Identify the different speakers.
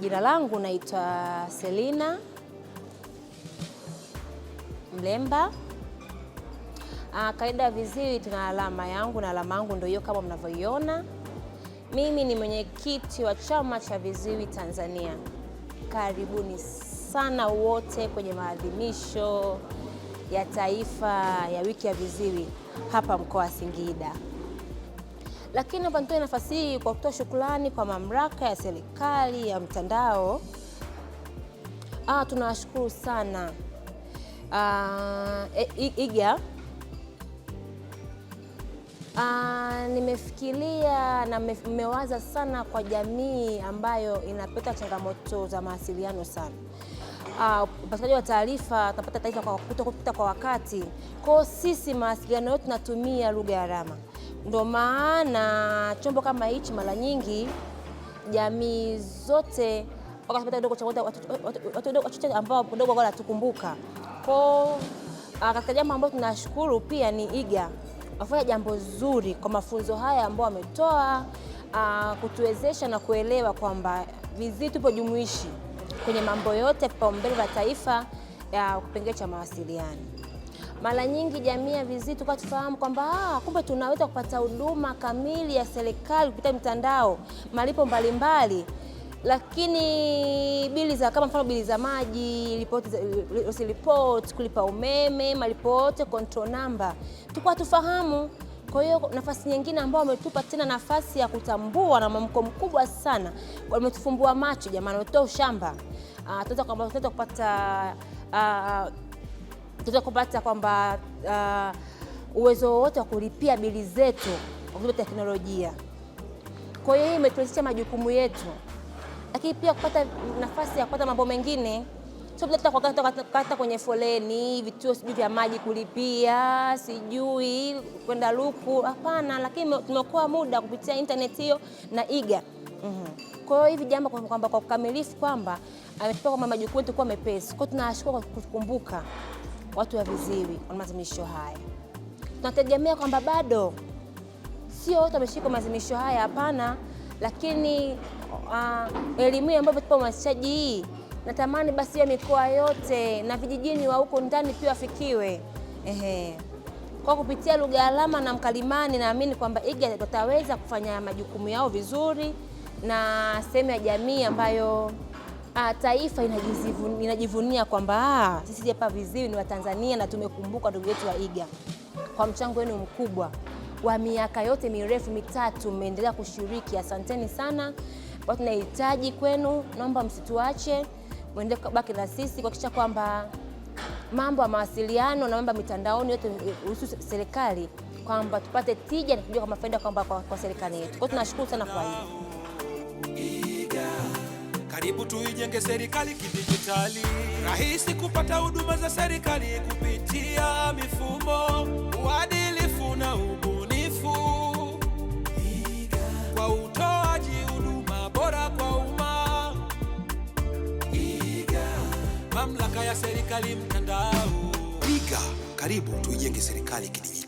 Speaker 1: Jina langu naitwa Selina Mlemba. Ah, Kaida ya viziwi tuna alama yangu na alama yangu ndio hiyo kama mnavyoiona. Mimi ni mwenyekiti wa chama cha viziwi Tanzania. Karibuni sana wote kwenye maadhimisho ya taifa ya wiki ya viziwi hapa mkoa wa Singida. Lakini hapa nitoe nafasi hii kwa kutoa shukrani kwa mamlaka ya serikali ya mtandao. Ah, tunawashukuru sana ah, e, iga ah, nimefikiria na mmewaza sana kwa jamii ambayo inapata changamoto za mawasiliano sana ah, upatikanaji uh, wa taarifa, tunapata taarifa kwa kuta kwa wakati. Kwa hiyo sisi mawasiliano yote tunatumia lugha ya alama. Ndo maana chombo kama hichi mara nyingi jamii zote watu wachache ambao kidogo wanatukumbuka ko ah, katika jambo ambayo tunashukuru pia ni iga wafanya jambo zuri kwa mafunzo haya ambao wametoa ah, kutuwezesha na kuelewa kwamba viziwi tupo jumuishi kwenye mambo yote, vipaumbele vya taifa ya kipengele cha mawasiliano. Mara nyingi jamii ya vizitu tukawa tufahamu kwamba ah, kumbe tunaweza kupata huduma kamili ya serikali kupitia mitandao, malipo mbalimbali lakini bili za kama mfano bili za maji report, kulipa umeme malipo yote control number tukwa tufahamu. Kwa hiyo nafasi nyingine ambao wametupa tena nafasi ya kutambua na mwamko mkubwa sana, wametufumbua macho jamani, wametoa ushamba, ah, tunaweza kupata ah, tuweze kupata kwamba uh, uwezo wote wa kulipia bili zetu kwa kutumia teknolojia. Kwa hiyo hii majukumu yetu, lakini pia kupata nafasi ya kupata mambo mengine kata kwenye foleni vituo sijui vya maji kulipia sijui kwenda luku, hapana. Lakini tumeokoa muda kupitia intaneti hiyo na iga. mm -hmm. Kwa hiyo hivi jambo kwamba kwa ukamilifu kwamba ametupa kwamba majukumu yetu kuwa mepesi, kwa hiyo tunashukuru kwa kukumbuka watu wa viziwi wana maadhimisho haya. Tunategemea kwamba bado sio wote wameshika maadhimisho haya, hapana, lakini uh, elimu hii ambayo tupo uhamasishaji hii natamani basi ya mikoa yote na vijijini wa huko ndani pia wafikiwe. Ehe, kwa kupitia lugha ya alama na mkalimani, naamini kwamba iga wataweza kufanya majukumu yao vizuri na sehemu ya jamii ambayo a, ah, taifa inajivunia, inajivunia kwamba ah, sisi hapa viziwi ni Watanzania na tumekumbuka ndugu yetu wa iga kwa mchango wenu mkubwa wa miaka yote mirefu mitatu mmeendelea kushiriki. Asanteni sana, kwa tunahitaji kwenu, naomba msituache, muendelee kubaki na sisi kuhakikisha kwamba mambo ya mawasiliano na mambo mitandaoni yote kuhusu serikali kwamba tupate tija na kujua kama faida kwamba kwa, kwa serikali yetu. Kwa hiyo tunashukuru sana kwa hiyo. Karibu tuijenge serikali kidijitali, rahisi kupata huduma za serikali kupitia mifumo, uadilifu na ubunifu kwa utoaji huduma bora kwa umma. Mamlaka ya serikali mtandao. Iga, karibu tuijenge serikali kidijitali.